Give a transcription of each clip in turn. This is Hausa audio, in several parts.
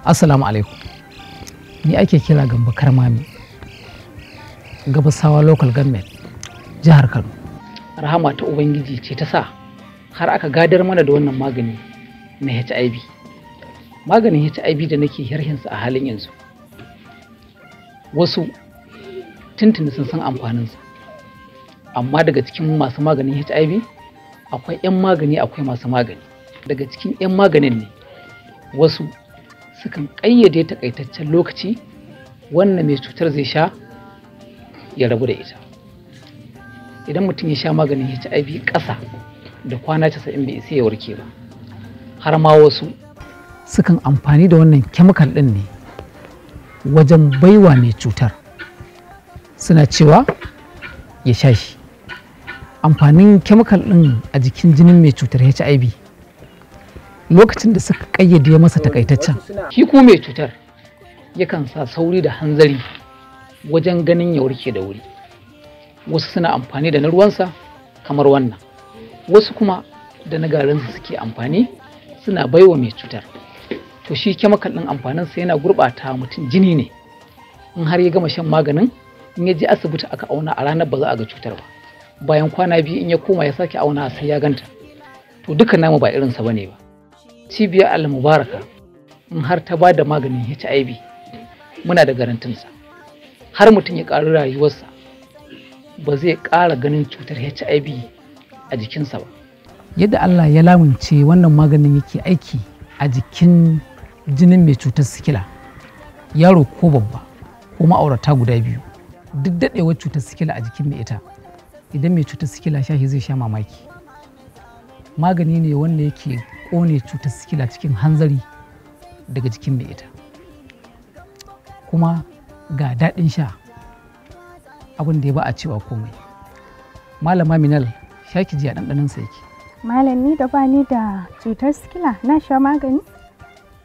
Assalamu alaikum. Ni ake kira gamba karmami. Gabasawa local government jihar Kano. Rahama ta Ubangiji ce ta sa har aka gadar mana da wannan magani na HIV. Maganin HIV da nake yarhinsa a halin yanzu. Wasu tuntuni sun san amfaninsa. Amma daga cikin masu maganin HIV akwai 'yan magani akwai masu magani. Daga cikin 'yan maganin ne wasu sukan ƙayyade takaitaccen lokaci wannan mai cutar zai sha ya rabu da ita idan mutum ya sha maganin hiv ƙasa da kwana 90 bai isa ya warke ba har ma wasu sukan amfani da wannan kemikal ɗin ne wajen baiwa mai cutar suna cewa ya sha shi amfanin kemikal ɗin a jikin jinin mai cutar hiv lokacin da suka kayyade masa takaitaccen shi ku mai cutar yakan sa sauri da hanzari wajen ganin ya warke da wuri wasu suna amfani da na ruwansa kamar wannan wasu kuma da na garinsa suke amfani suna baiwa mai cutar to shi kemakal ɗin amfaninsa yana gurɓata mutum jini ne in har ya gama shan maganin in ya je asibiti aka auna a ranar ba za a ga cutar ba bayan kwana biyu in ya koma ya sake auna sai ya ganta to duka namu ba irinsa bane ba cibiyar al-mubaraka in har ta ba da maganin hiv muna da garantinsa har mutum ya ƙari rayuwarsa ba zai ƙara ganin cutar hiv a jikinsa ba yadda allah ya lamunce wannan maganin yake aiki a jikin jinin mai cutar sikila yaro ko babba ko ma'aurata guda biyu duk daɗewar cutar sikila a jikin mai ita idan mai cutar sikila shahi zai sha mamaki magani ne wanda yake kone cutar sikila cikin hanzari daga jikin mai ita kuma ga daɗin sha abin da ya ba a cewa komai malama minal shaki ji a ɗanɗanonsa yake malami da ba ni da cutar sikila na sha magani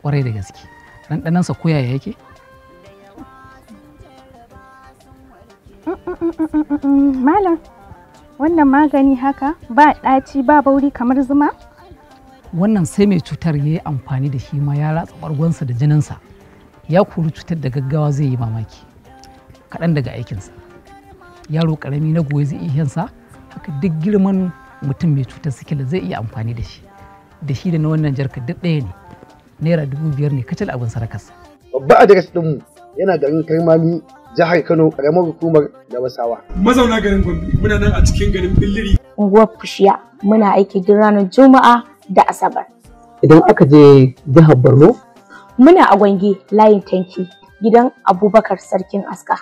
ƙwarai da gaske ɗanɗanonsa koyaya yake malam wannan magani haka ba ɗaci ba bauri kamar zuma wannan sai mai cutar ya yi amfani da shi ma ya ratsa ɓargonsa da jininsa ya kori cutar da gaggawa zai yi mamaki kaɗan daga aikinsa yaro ƙarami na goyi zai iya sa haka duk girman mutum mai cutar sikila zai iya amfani da shi da shi da na wannan jarka duk ɗaya ne naira dubu biyar ne kacal abin sarakarsa. babba a daga mu yana garin karmami jihar Kano ƙaramar hukumar Gabasawa. Mazauna garin Gombe muna nan a cikin garin Billiri. Unguwar Kushiya muna aiki duk ranar Juma'a da asabar idan aka je jihar borno muna a gwange layin tanki gidan abubakar sarkin aska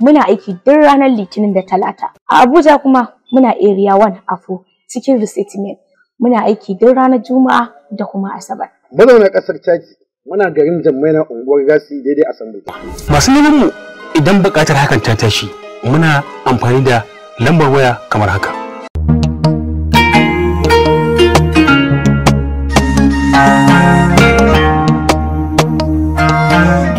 muna aiki duk ranar litinin da talata a abuja kuma muna area one afo cikin resettlement muna aiki duk ranar juma'a da kuma asabar na kasar chaki muna garin jammai na unguwar gasi daidai a sambai masu neman mu idan bukatar hakan ta tashi muna amfani da lambar waya kamar haka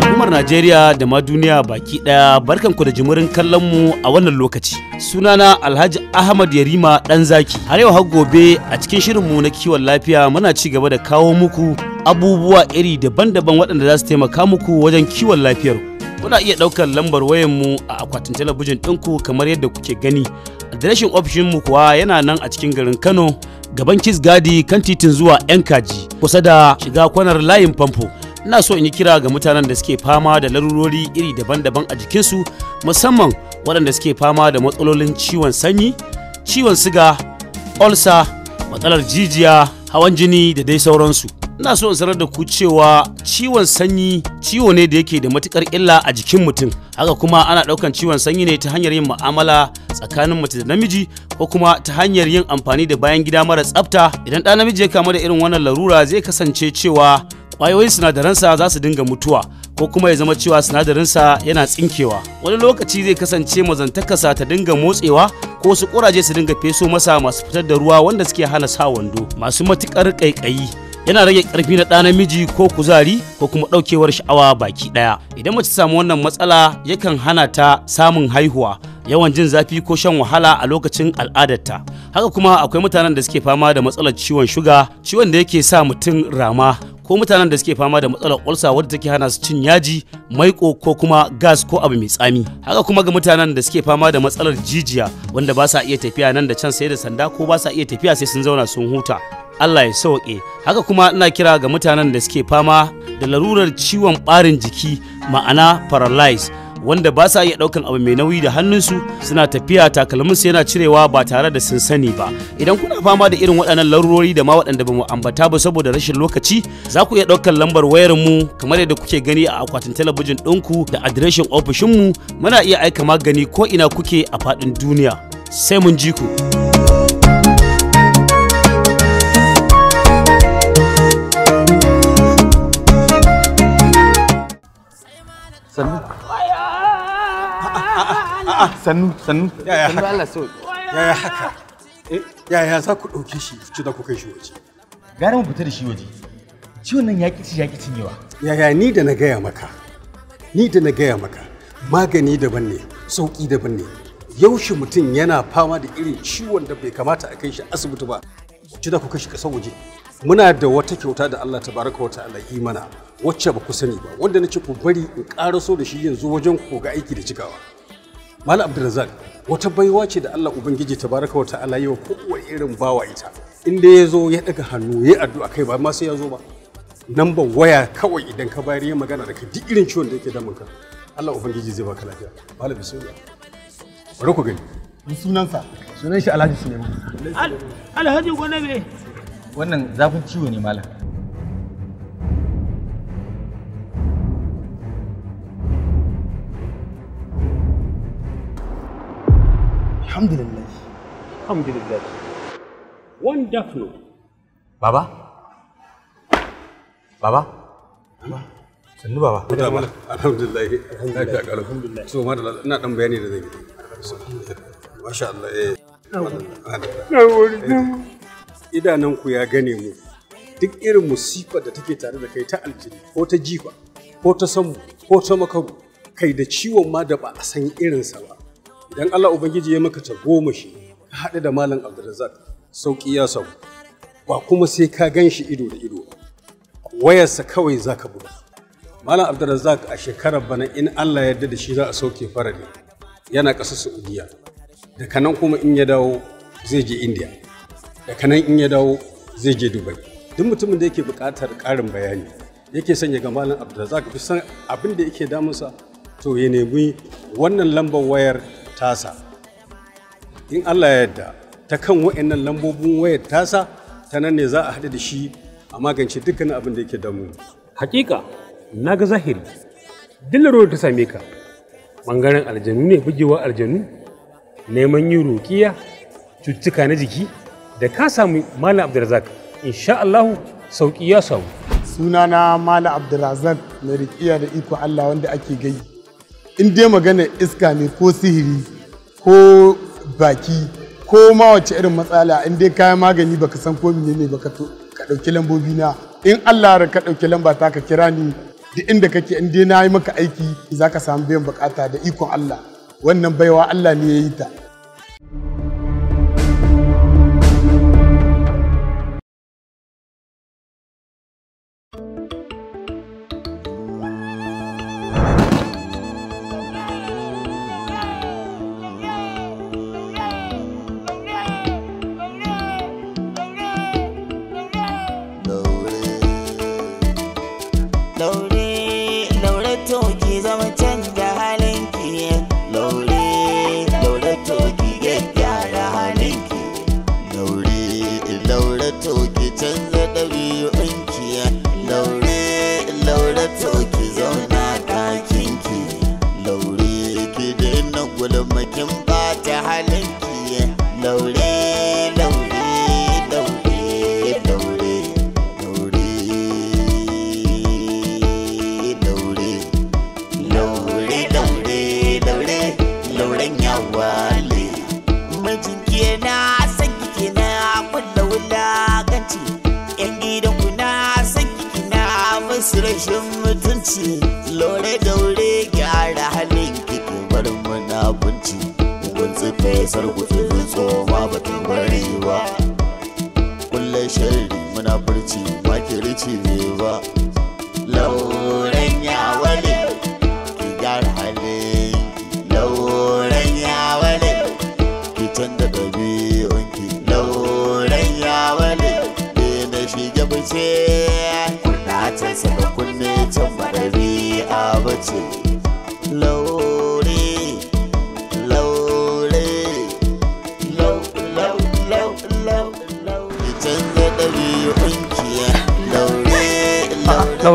Hukumar Najeriya da ma duniya baki ɗaya barkanku da jimurin kallon mu a wannan lokaci. Sunana Alhaji Ahmad Yarima ɗan zaki. Har yau har gobe a cikin shirin mu na kiwon lafiya muna ci gaba da kawo muku abubuwa iri daban-daban waɗanda za su taimaka muku wajen kiwon lafiyar. Kuna iya ɗaukar lambar wayanmu a akwatin talabijin ɗinku kamar yadda kuke gani. Adireshin mu kuwa yana nan a cikin garin Kano gaban kisgadi kan titin zuwa 'yan kaji kusa da shiga kwanar layin famfo ina so in yi kira ga mutanen da suke fama da larurori iri daban-daban a jikinsu musamman waɗanda suke fama da matsalolin ciwon sanyi ciwon siga olsa matsalar jijiya hawan jini da dai sauransu ina so in sanar da ku cewa ciwon sanyi ciwo ne da yake da matukar illa a jikin mutum haka kuma ana daukan ciwon sanyi ne ta hanyar yin mu'amala tsakanin mace da namiji ko kuma ta hanyar yin amfani da bayan gida mara tsafta idan ɗa namiji ya kama da irin wannan larura zai kasance cewa kwayoyin sinadaransa za su dinga mutuwa ko kuma ya zama cewa sinadarinsa yana tsinkewa wani lokaci zai kasance mazantakasa ta dinga motsewa ko su kuraje su dinga feso masa masu fitar da ruwa wanda suke hana sa wando masu matukar ƙaiƙayi yana rage karfi na ɗa namiji ko kuzari ko kuma ɗaukewar sha'awa baki ɗaya idan mace samu wannan matsala yakan hana ta samun haihuwa yawan jin zafi ko shan wahala a lokacin al'adarta haka kuma akwai mutanen da suke fama da matsalar ciwon shuga ciwon da yake sa mutum rama ko mutanen da suke fama da matsalar ulsa wadda take hana su cin yaji maiko ko kuma gas ko abu mai tsami haka kuma ga mutanen da suke fama da matsalar jijiya wanda ba sa iya tafiya nan da can sai da sanda ko ba sa iya tafiya sai sun zauna sun huta Allah ya sauke haka kuma ina kira ga mutanen da suke fama da larurar ciwon ɓarin jiki ma'ana paralyze wanda ba sa iya ɗaukan abu mai nauyi da hannunsu suna tafiya takalminsu yana cirewa ba tare da sun sani ba idan kuna fama da irin waɗannan larurori da ma waɗanda ba mu ambata ba saboda rashin lokaci za ku iya ɗaukan lambar wayar mu kamar yadda kuke gani a akwatin talabijin ɗinku da adireshin ofishinmu muna iya aika magani ko ina kuke a faɗin duniya sai mun ji ku. Ah, ah, ah, sannu sannu sannu yaya haka yaya haka yaya eh, za ku ɗauke shi ci da ku kai shi waje gara mu fita da shi waje ciwon nan ya ci, ya kici yawa yaya ni da na gaya maka ni da na gaya maka magani daban ne sauƙi daban ne yaushe mutum yana fama da irin ciwon da bai kamata a kai shi asibiti ba ci da ku kai shi kasar waje muna da wata kyauta da Allah tabaraka wa ta'ala yi mana wacce ba ku sani ba wanda nake ku bari in karaso da shi yanzu wajen ku ga aiki da cikawa malam abdulrazak wata baiwa ce da Allah ubangiji tabaraka wa ta'ala yi wa kowa irin bawa ita inda ya zo ya daga hannu ya addu'a kai ba ma sai ya zo ba namban waya kawai idan ka bayar ya magana da ka duk irin ciwon da yake damun ka Allah ubangiji zai baka lafiya malam bismillah bari ku gani sunansa sunan shi Alhaji Suleiman Alhaji Gwanabe wannan zafin ciwo ne malam alhamdulillah alhamdulillah wonderful baba baba Baba? sannu baba alhamdulillah alhamdulillah so ma ina dan bayani da zai masha Allah eh, eh idanan ku ya gane mu duk irin musifa da take tare da kai ta aljini ko ta jifa ko ta samu ko ta makaru kai da ciwon ma da ba a san irinsa ba idan Allah Ubangiji ya maka ta goma shi ka haɗe da Malam Abdulrazak sauƙi ya samu ba kuma sai ka gan shi ido da ido wayarsa kawai za ka buga. Malam Abdulrazak a shekarar bana in Allah yarda da shi za a sauke farali yana ƙasar Saudiya daga nan kuma in ya dawo zai je India daga nan in ya dawo zai je Dubai duk mutumin da yake buƙatar ƙarin bayani yake sanya ga Malam Abdulrazak bisan abin da yake damunsa to ya nemi wannan lambar wayar tasa in Allah ya yarda ta kan wa'annan lambobin wayar tasa ta nan ne za a haɗu da shi a magance dukkanin abin da yake damu hakika na ga zahiri dillar ta same ka ɓangaren aljanu ne bugewa aljanu neman yin roƙiya cuttuka na jiki da ka samu malam abdulrazak insha Allah sauƙi ya samu sunana malam abdulrazak mai riƙiya da iko Allah wanda ake gai in dai magana iska ne ko sihiri ko baki ko ma wace irin matsala in dai kayan magani baka san ko menene baka to ka dauki lambobi na in Allah ka dauki lamba ta ka kira ni duk inda kake in dai na yi maka aiki zaka samu biyan bukata da ikon Allah wannan baiwa Allah ne ya yi ta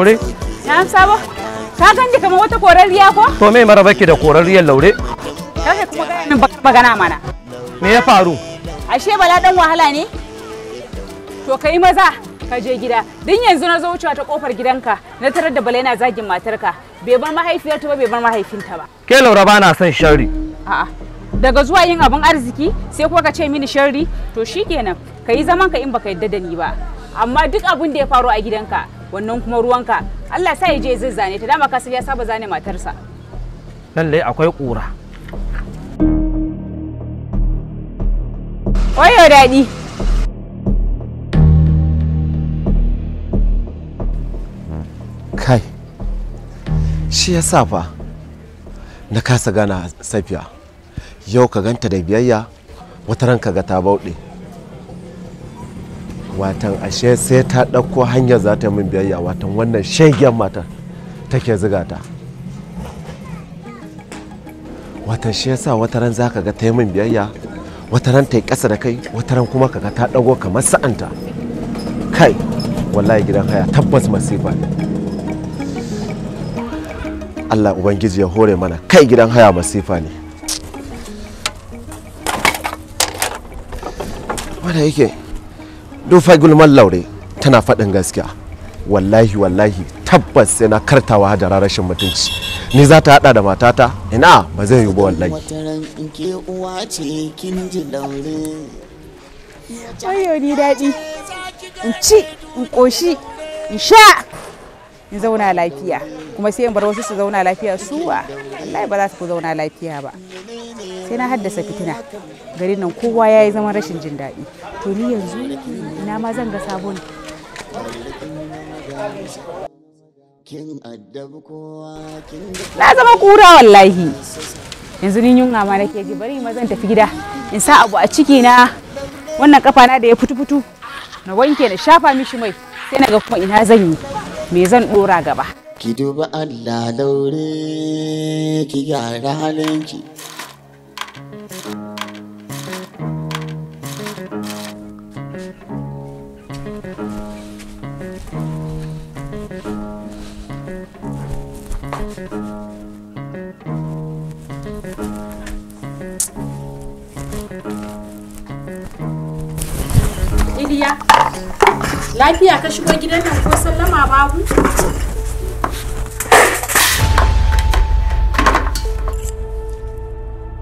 laure? Na sabo. Ka ganni kamar wata korariya ko? To me mara baki da korariyar laure? Kai kuma ga nan magana mana. Me ya faru? Ashe bala dan wahala ne? To kai maza ka je gida. Din yanzu na zo wucewa ta kofar gidanka na tarar da bala yana zagin matarka. Bai bar mahaifiyarta ba bai bar mahaifinta ba. Ke laura ba na son sharri. A'a. Daga zuwa yin abin arziki sai kuma ka ce mini sharri to shikenan ka yi zaman ka in baka yadda da ni ba. Amma duk abin da ya faru a gidanka wannan kuma ruwanka Allah sa ya je zai zane ta dama ka ya saba zane matarsa lallai akwai ƙura wayo daɗi kai shi ya sa fa na kasa gana safiya yau ka ganta da biyayya wata ranka ga ta bauɗe watan ashe sai ta ɗauko hanyar za ta min biyayya watan wannan shegen matar take ziga ta watan shi yasa wata ran zaka ga ta yi min biyayya wata ran ta yi ƙasa da kai wata ran kuma kaga ta ɗago kamar sa'anta kai wallahi gidan haya tabbas masifa ne Allah Ubangiji ya hore mana kai gidan haya masifa ne wanda yake dufai gulman laure tana faɗin gaskiya wallahi wallahi tabbas sai na kartawa da rashin mutunci ni za ta hada da matata ina ba zai yi ba wallahi ayo ni daɗi in ci in ƙoshi in sha in zauna lafiya kuma sai in bar wasu su zauna lafiya suwa wallahi ba za su zauna lafiya ba sai na haddasa fitina garin nan kowa ya yi zaman rashin jin daɗi to ni yanzu ina ma zan ga sabon na zama kura wallahi yanzu ni yunwa ma nake ji bari ma zan tafi gida in sa abu a ciki na wannan kafa na da ya fitu fitu na wanke na shafa mishi mai sai na ga kuma ina zan yi me zan dora gaba ki duba Allah laure ki gyara halinki lafiya ka shigo gidan nan ko sallama babu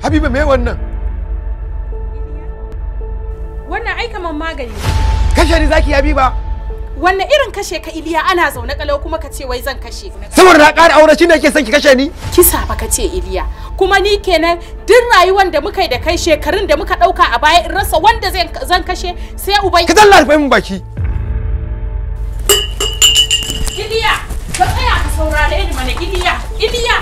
habiba me wannan wannan aika man magani kashe ni zaki habiba wanne irin kashe ka iliya ana zaune kalau kuma ka ce wai zan kashe saboda na ƙara aure shine yake son ki kashe ni kisa ba ka ce iliya kuma ni kenan duk rayuwar da muka yi da kai shekarun da muka ɗauka a baya in rasa wanda zan kashe sai ubai ka zalla rufe min baki saurare ni mana idiya idiya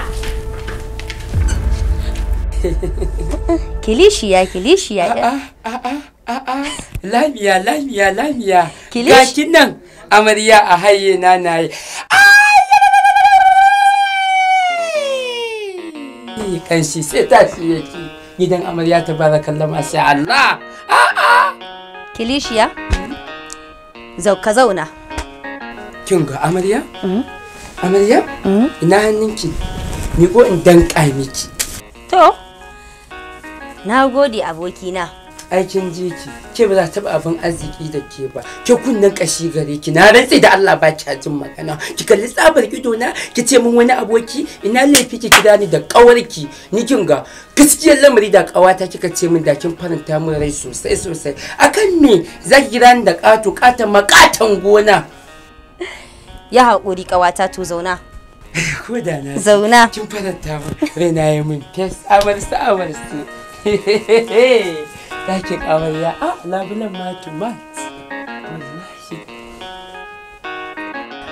kilishiya kilishiya a'a a'a a'a lamiya lamiya lamiya gakin nan amarya a haye na yi. kanshi sai tashi yake gidan amarya ta Allah kilishiya ka zauna kin ga amarya amaryam. Mm. ina hannunki ni ko in danka miki to na gode abokina aikin jiki ke ba za ta abin arziki da ke ba ke kunnen kashi gare ki na rantsi da Allah ba ki jin magana ki kalli tsabar ido na ki ce min wani aboki ina laifi ki kira ni da kawarki ni kin ga gaskiyar lamari da kawata kika ce min da kin faranta min rai sosai sosai akan me za ki kira ni da kato katan makatan gona ya haƙuri ƙawata to zauna eh, ko da na zauna kin faranta mu raina ya min fes amar su amar su dakin amarya a labulan ma ma.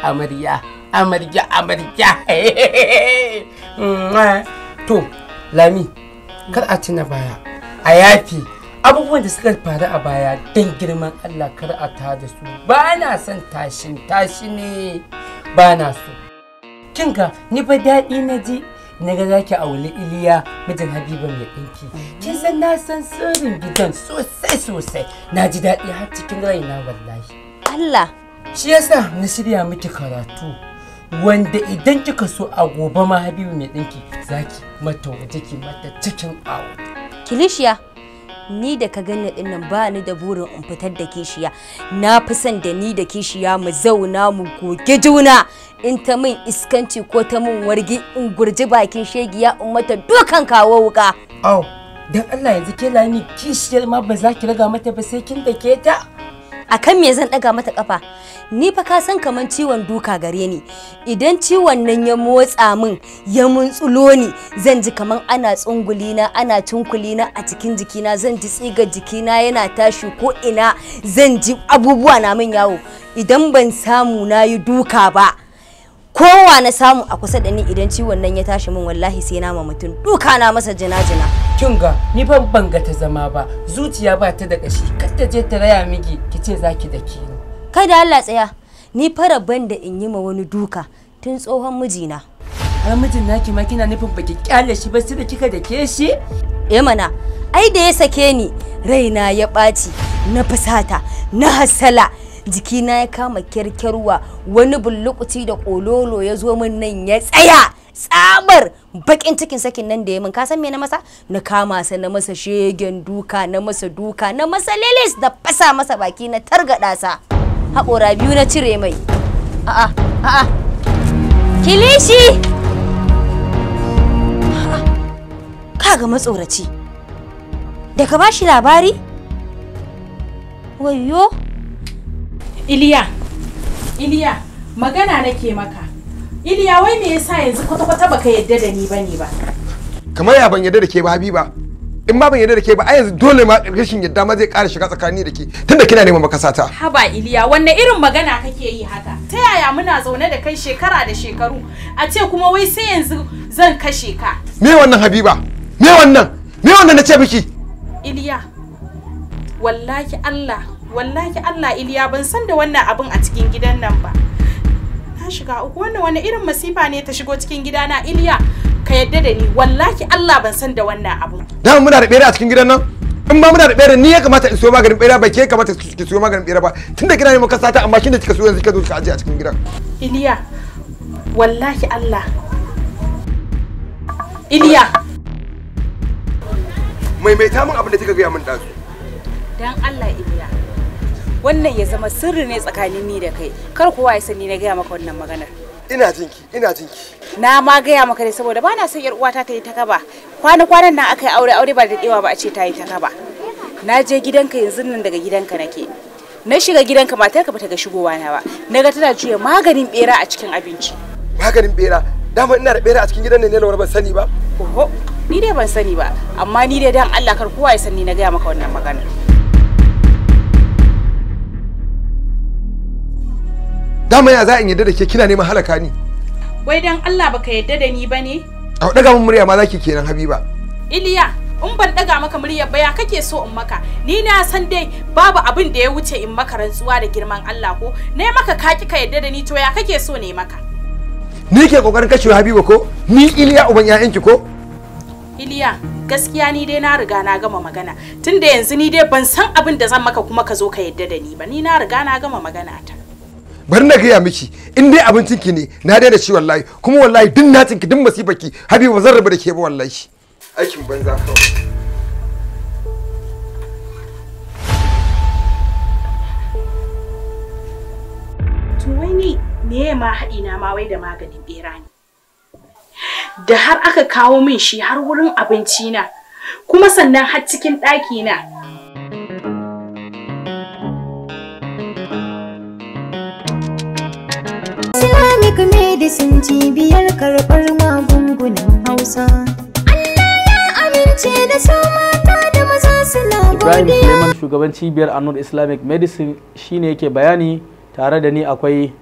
amarya amarya amarya to lami kar a tuna baya a yafi abubuwan da suka faru a baya don girman Allah kar a ta da su ba na son tashin tashi ne ba na so kin ga ni fa daɗi na ji na ga zaki auli iliya mijin habiba mai ɗinki kin san na san sirrin gidan sosai sosai na ji daɗi har cikin raina wallahi Allah shi yasa na shirya miki karatu wanda idan kika so a gobe ma Habiba mai ɗinki zaki mata waje mata cikin awo kilishiya ni da ka ganni din nan ba ni da burin in fitar da kishiya na fi son da ni da kishiya mu zauna mu goge juna in ta min iskanci ko ta min wargi in gurji bakin shegiya in dukan kawo wuka au dan Allah yanzu ke ni kishiyar ma ba za ki raga mata ba sai kin dake ta akan me zan daga mata kafa ni fa ka san kaman ciwon duka gare ni idan ciwon nan ya motsa min ya muntsulo ni zan ji kaman ana tsungulina ana cunkulina a cikin jikina zan ji tsigar jikina yana tashi ko ina zan ji abubuwa na min yawo idan ban samu na yi duka ba kowa na samu a kusa da ni idan ciwon nan ya tashi min wallahi sai na ma mutum duka na masa jina-jina. Kin ga ni ban banga ta zama ba zuciya ba ta da ƙashi kar ta je ta raya miki ki ce zaki da ni. Kai Allah tsaya ni fara ban da in yi ma wani duka tun tsohon mijina. Ai mijin naki ma kina nufin baki kyale shi ba sai da kika da ke shi? Eh mana ai da ya sake ni raina ya ɓaci na fasata, na hasala jikina ya kama kyarkyarwa wani bullukuti da kololo ya zo min nan ya tsaya tsamar. bakin cikin sakin nan da ya min kasan me na masa na kama sa na masa shegen duka na masa duka na masa lilis da fasa masa baki na targada sa haƙora biyu na cire mai a'a a'a kilishi kaga matsoraci da ka bashi labari wayo Iliya, Iliya, magana nake maka. Iliya wai me yasa yanzu kwata-kwata baka yadda da ni bane ba? Kamar ya ban yadda da ke ba Habiba. In ma ban yadda da ke ba, a yanzu dole ma rashin yadda ma zai ƙara shiga tsakani da ke tunda kina neman makasata. Haba Iliya, wanne irin magana kake yi haka? Ta yaya muna zaune da kai shekara da shekaru, a ce kuma wai sai yanzu zan kashe ka. Me wannan Habiba? Me wannan? Me wannan na ce miki? Iliya, wallahi Allah wallahi Allah Iliya ban san da wannan abin a cikin gidan nan ba na shiga uku wannan wani irin masifa ne ta shigo cikin gidana Iliya ka yadda da ni wallahi Allah ban san da wannan abin da muna da bere a cikin gidan nan in ba muna da bere ni ya kamata in siyo maganin bere ba ke kamata ki so maganin bere ba tunda gidan ne kasa ta amma shin da kika so yanzu kika zo kika aje a cikin gidan Iliya wallahi Allah Iliya maimaita min abin da kika gaya min dazu dan Allah Iliya wannan ya zama sirri ne tsakanin ni da kai kar kowa ya sani na gaya maka wannan maganar ina jinki ina jinki na ma gaya maka ne saboda bana son yar uwata ta yi ta kaba kwana kwanan nan aka yi aure aure ba da dadewa ba a ce ta yi ta kaba na je gidanka yanzu nan daga gidanka nake na shiga gidanka matarka bata ga shigowa na ba naga tana juya maganin bera a cikin abinci maganin bera dama ina da bera a cikin gidan ne ne lawar ban sani ba oho ni dai ban sani ba amma ni dai dan Allah kar kowa ya sani na gaya maka wannan maganar dama ya za in yadda da ke kina neman halaka ni wai dan Allah baka yadda da ni bane a daga mun murya ma zaki kenan habiba iliya in ban daga maka murya ba ya kake so in maka ni na san dai babu abin da ya wuce in maka rantsuwa da girman Allah ko ne maka ka kika yadda da ni to ya kake so ne maka ni ke kokarin kashewa habiba ko ni iliya uban ƴaƴanki ko iliya gaskiya ni dai na riga na gama magana tunda yanzu ni dai ban san abin da zan maka kuma ka zo ka yadda da ni ba ni na riga na gama magana ta bari na gaya miki in dai abincin ki ne na daina ci wallahi kuma wallahi din na ki din masifar ki habibu zan rabu da ke ba wallahi aikin banza kawai to wai ni ma haɗi na ma wai da maganin bera ne da har aka kawo min shi har wurin abinci na kuma sannan har cikin ɗaki na Islamic Medicine cibiyar karɓar magungunan Hausa. Allah ya amince da su mata da maza suna Ibrahim Suleiman shugaban cibiyar Anur Islamic Medicine shine yake bayani tare da ni akwai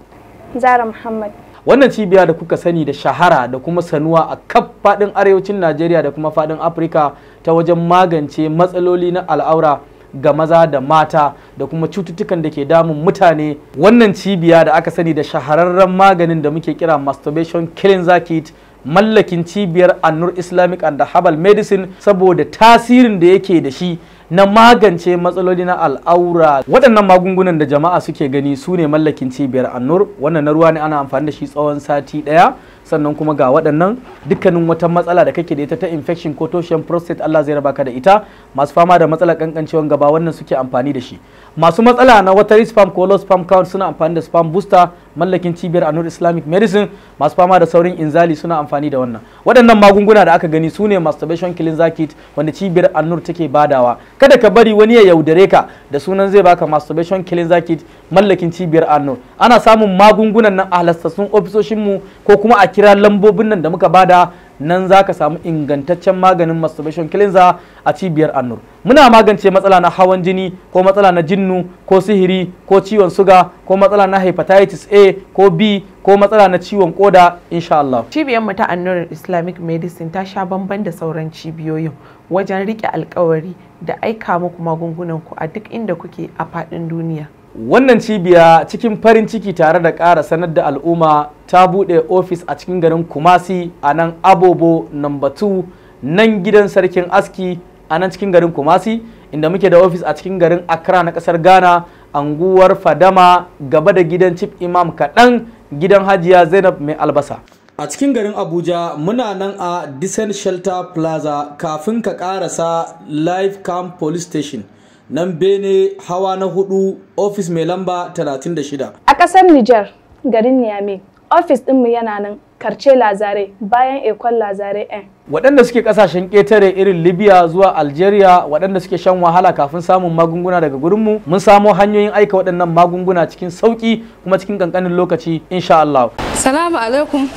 Zara Muhammad. Wannan cibiya da kuka sani da shahara da kuma sanuwa a kaf faɗin arewacin Najeriya da kuma faɗin Afirka ta wajen magance matsaloli na al'aura ga maza da mata da kuma cututtukan da ke damun mutane wannan cibiya da aka sani da shahararren maganin da muke kira masturbation killing kit mallakin cibiyar annur islamic and Habal medicine saboda tasirin da yake da shi na magance matsaloli na al'aura waɗannan magungunan da jama'a suke gani su ne mallakin cibiyar annur wannan na ruwa ne ana amfani da shi tsawon sati ɗaya sannan kuma ga waɗannan dukkanin wata matsala da kake da ita ta infection ko toshen prostate Allah zai raba ka da ita masu fama da matsalar kankancewan gaba wannan suke amfani da shi masu matsala na water spam ko low spam count suna amfani da spam booster mallakin cibiyar anur islamic medicine masu fama da saurin inzali suna amfani da wannan waɗannan magunguna da aka gani su ne masturbation killing kit wanda cibiyar anur take badawa kada ka bari wani ya yaudare ka da sunan zai baka masturbation killing kit mallakin cibiyar anur ana samun magungunan nan a halastassun ofisoshinmu ko kuma a kira lambobin nan da muka bada nan za ka samu ingantaccen maganin masturbation cleanser a cibiyar annur muna magance matsala na hawan jini ko matsala na jinnu ko sihiri ko ciwon suga ko matsala na hepatitis a ko b ko matsala na ciwon koda insha Allah. cibiyar mu annur islamic medicine ta sha bamban da sauran cibiyoyin wajen rike alkawari da aika muku magungunan ku a duk inda kuke a faɗin duniya wannan cibiya cikin farin ciki tare da ƙara sanar da al'umma ta buɗe ofis a cikin garin kumasi a nan abobo namba 2 nan gidan sarkin aski a nan cikin garin kumasi inda muke da ofis a cikin garin accra na ƙasar ghana anguwar fadama gaba da gidan chief imam kaɗan gidan hajiya zainab mai albasa a cikin garin abuja muna nan a descent shelter plaza kafin ka ƙarasa live camp police station nan bene hawa na hudu ofis mai lamba 36 a ƙasar nijar garin niamey ofis ɗinmu yana nan karce lazare bayan ekon lazare n waɗanda suke ƙasashen ƙetare irin libya zuwa algeria waɗanda suke shan wahala kafin samun magunguna daga gurinmu mun samo hanyoyin aika waɗannan magunguna cikin sauƙi kuma cikin ƙanƙanin lokaci insha Allah. salamu alaikum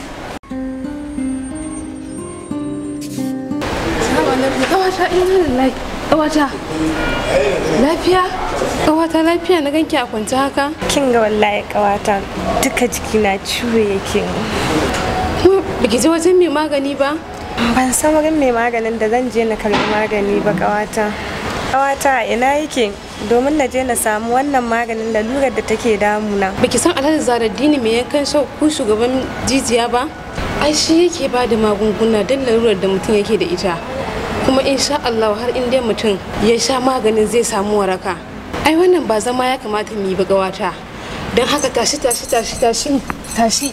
ƙawata lafiya ƙawata lafiya na ganki a kwance haka kin ga wallahi ƙawata duka jiki na ciwo yake biki je wajen mai magani ba ban san wurin mai maganin da zan je na karbi magani ba ƙawata ƙawata ina yake domin na je na samu wannan maganin lalurar da take damuna biki san alhaji zaraddini mai yankan shau ko shugaban jijiya ba ai shi yake ba da magunguna don lalurar da mutum yake da ita kuma insha Allah har in mutum ya sha maganin zai samu waraka ai wannan ba zama ya kamata mu yi ba gawata don haka tashi tashi tashi tashi tashi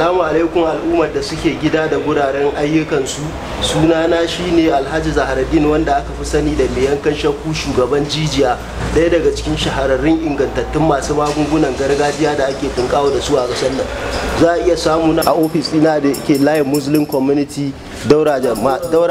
Assalamu alaikum al'ummar da suke gida da guraren ayyukansu sunana shine Alhaji Zaharaddin wanda aka fi sani da mai yankan shakku shugaban jijiya daya daga cikin shahararrun ingantattun masu magungunan gargajiya da ake tunkawa da su a ƙasar nan. Za a iya samu na a ofis ɗina da ke layin Muslim Community daura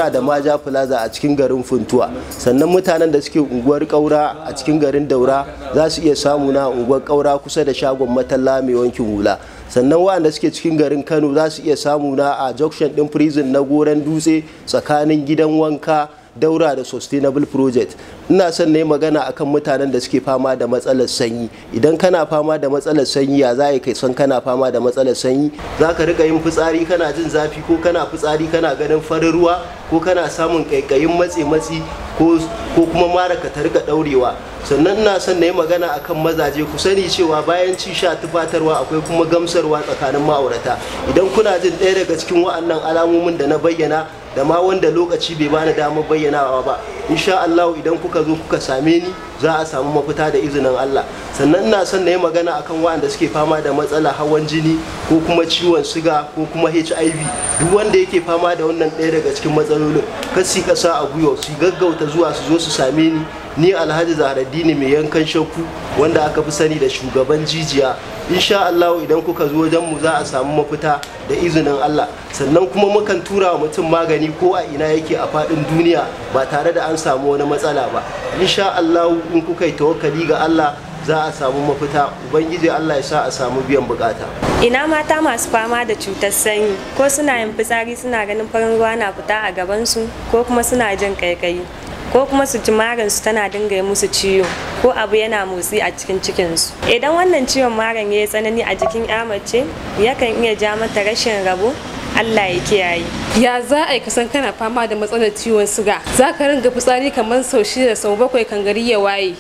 da maja plaza a cikin garin funtuwa sannan mutanen da suke unguwar kaura a cikin garin daura za su iya samu na unguwar kaura kusa da shagon matalla mai wankin hula sannan waɗanda suke cikin garin kano za su iya samu na a junction ɗin prison na goron dutse tsakanin gidan wanka daura da sustainable project ina son ne magana akan mutanen da suke fama da matsalar sanyi idan kana fama da matsalar sanyi ya za kai san kana fama da matsalar sanyi za ka rika yin fitsari kana jin zafi ko kana fitsari kana ganin farin ruwa ko kana samun kaikayin matse matsi ko kuma mara ka ta rika daurewa sannan ina son na yi magana akan mazaje ku sani cewa bayan ci sha tufatarwa akwai kuma gamsarwa tsakanin ma'aurata idan kuna jin ɗaya daga cikin wa'annan alamomin da na bayyana da ma wanda lokaci bai bani damar bayyanawa ba insha Allah idan kuka zo kuka same ni za a samu mafita da izinin Allah sannan ina son na yi magana akan waɗanda suke fama da matsala hawan jini ko kuma ciwon siga ko kuma HIV duk wanda yake fama da wannan ɗaya daga cikin matsalolin kasi kasa a gwiwa su gaggauta zuwa su zo su same ni ni alhaji ne mai yankan shakku wanda aka fi sani da shugaban jijiya insha Allah idan kuka zo wajen mu za a samu mafita da izinin Allah sannan kuma mukan tura wa mutum magani ko a ina yake a fadin duniya ba tare da an samu wani matsala ba insha Allah in kuka yi tawakkali ga Allah za a samu mafita ubangiji Allah ya sa a samu biyan bukata ina mata masu fama da cutar sanyi ko suna yin fitsari suna ganin farin ruwa na fita a gabansu ko kuma suna jin kaikayi ko kuma su ji su tana dinga yi musu ciwo ko abu yana motsi a cikin cikinsu idan wannan ciwon maran ya yi tsanani a jikin ya mace yakan iya ja mata rashin rabo Allah ya kiyaye. Ya za a yi kasan kana fama da matsalar ciwon suga? za ka ringa fitsari kamar sau shida sau bakwai kan gari ya waye.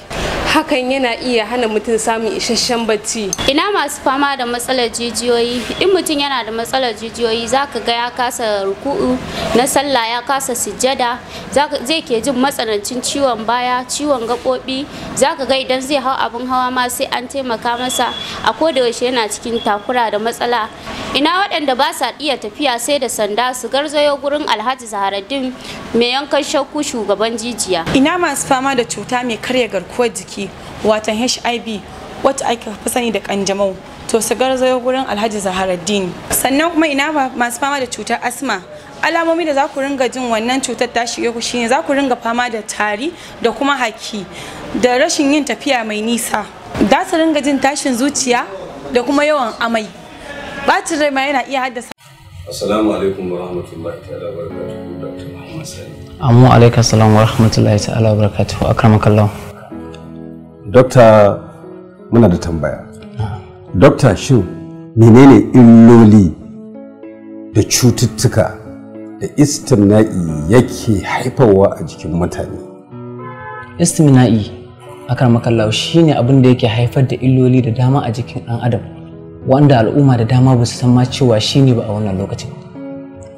hakan yana iya hana mutum samun isasshen bacci ina masu fama da matsalar jijiyoyi in mutum yana da matsalar jijiyoyi za ka ga ya kasa ruku'u na sallah ya kasa sujjada zai ke jin matsanancin ciwon baya ciwon gaɓoɓi ka ga idan zai hau abin hawa ma sai an taimaka masa a koda yaushe yana cikin takura da matsala ina waɗanda ba sa iya tafiya sai da sanda su garzayo gurin alhaji zaharaddin me yankan shakku shugaban jijiya. Ina masu fama da cuta mai karya garkuwar jiki watan HIV wacce ake fi sani da kanjamau to su garzayo gurin Alhaji Zaharaddin. Sannan kuma ina masu fama da cutar asma alamomi da za ku ringa jin wannan cutar ta shige ku shine za ku ringa fama da tari da kuma haki da rashin yin tafiya mai nisa. Za su ringa jin tashin zuciya da kuma yawan amai. Bacin rai ma yana iya haddasa. Assalamu alaikum wa rahmatullahi ta'ala wa barakatuhu. Amma alaikar salam wa rahmatullahi ta'ala wa barakatuhu akramakallah. Dokta muna da tambaya. Ah. Dokta shin menene illoli da cututtuka da istimna'i yake haifarwa a jikin mutane? Istimna'i akramakallah shi abin da yake haifar da illoli da dama a jikin ɗan adam wanda al'umma da dama ba su san ma cewa shi ne ba a wannan lokacin.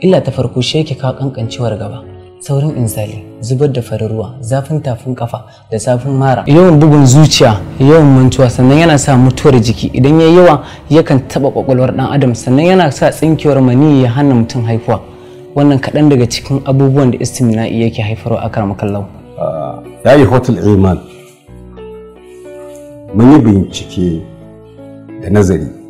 Illa ta farko shi yake kawo kankancewar gaba. saurin insali zubar da farin zafin tafin kafa da zafin mara yawan bugun zuciya yawan mantuwa sannan yana sa mutuwar jiki idan ya yawa yakan taɓa kwakwalwar ɗan adam sannan yana sa tsinkewar maniyyi ya hana mutum haifuwa wannan kaɗan daga cikin abubuwan da istimna'i yake haifarwa a kallon. Ah, ya yi hotel iman mun yi bincike da nazari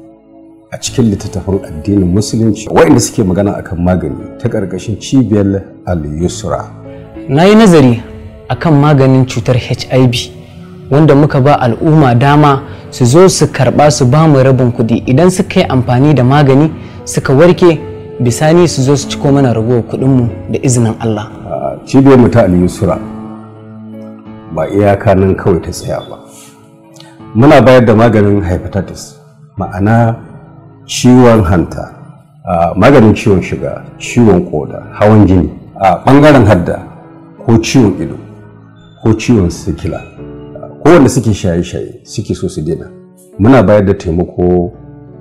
a cikin littattafan addinin musulunci waɗanda suke magana akan magani ta ƙarƙashin cibiyar al-yusra na yi nazari akan maganin cutar hiv wanda muka ba al'umma dama su zo su karɓa su ba mu rabin kuɗi idan suka yi amfani da magani suka warke bisani su zo su ciko mana ragowar kuɗinmu da izinin allah cibiyar mu ta al-yusra ba iyaka nan kawai ta tsaya ba muna bayar da maganin hepatitis ma'ana ciwon hanta maganin ciwon shiga ciwon koda hawan jini a bangaren hadda ko ciwon ido ko ciwon sikila kowanne suke shaye-shaye suke so su dina muna bayar da taimako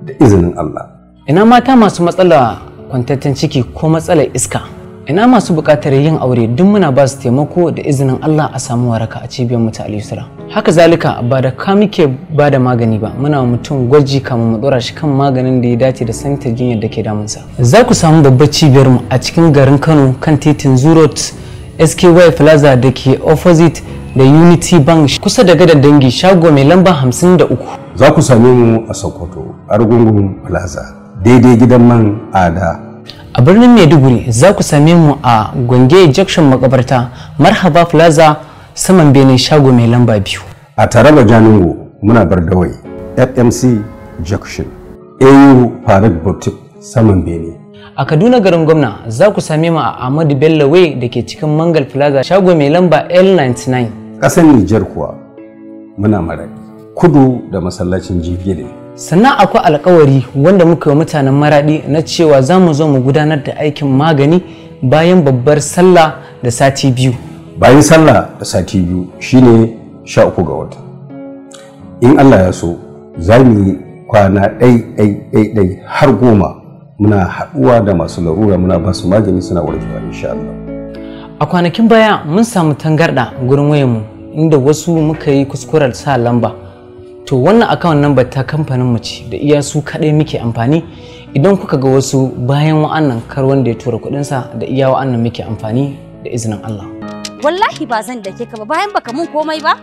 da izinin Allah ina mata masu matsala kwantaccen ciki ko matsalar iska ina masu buƙatar yin aure duk muna ba su taimako da izinin Allah a samu waraka a cibiyar mutane ta haka zalika ba da ka muke ba da magani ba muna mutum gwaji kamar mu dora shi kan maganin da ya dace da sanitar jinyar da ke damunsa za ku samu babbar cibiyar mu a cikin garin kano kan titin zurot sky plaza da ke opposite da unity bank kusa da gadar dangi shago mai lamba 53 za ku same mu a sokoto argungun plaza daidai gidan man ada a birnin maiduguri za ku same mu a gwange junction makabarta marhaba plaza saman benin shago mai lamba biyu a tare da janingo muna bardawai fmc junction au faruk Botik saman benin a kaduna garin gwamna za ku same mu a ahmadu bello way da ke cikin mangal plaza shago mai lamba l99 ƙasar nijar kuwa muna marari kudu da masallacin jigilin sannan akwai alkawari wanda muka yi mutanen maraɗi na cewa za mu zo mu gudanar da aikin magani bayan babbar sallah da sati biyu bayan sallah da sati biyu shine sha uku ga wata in allah ya so za mu yi kwana ɗai ɗai ɗai har goma muna haɗuwa da masu larura muna ba su magani suna warkewa insha Allah. A kwanakin baya mun samu tangarɗa gurin wayanmu inda wasu muka yi kuskurar sa lamba. To wannan akawun nan ta kamfanin mu ce da iya su kaɗai muke amfani idan kuka ga wasu bayan wa'annan kar wanda ya tura kuɗinsa da iya wa'annan muke amfani da izinin Allah. wallahi ba zan dake ka ba bayan baka mun komai ba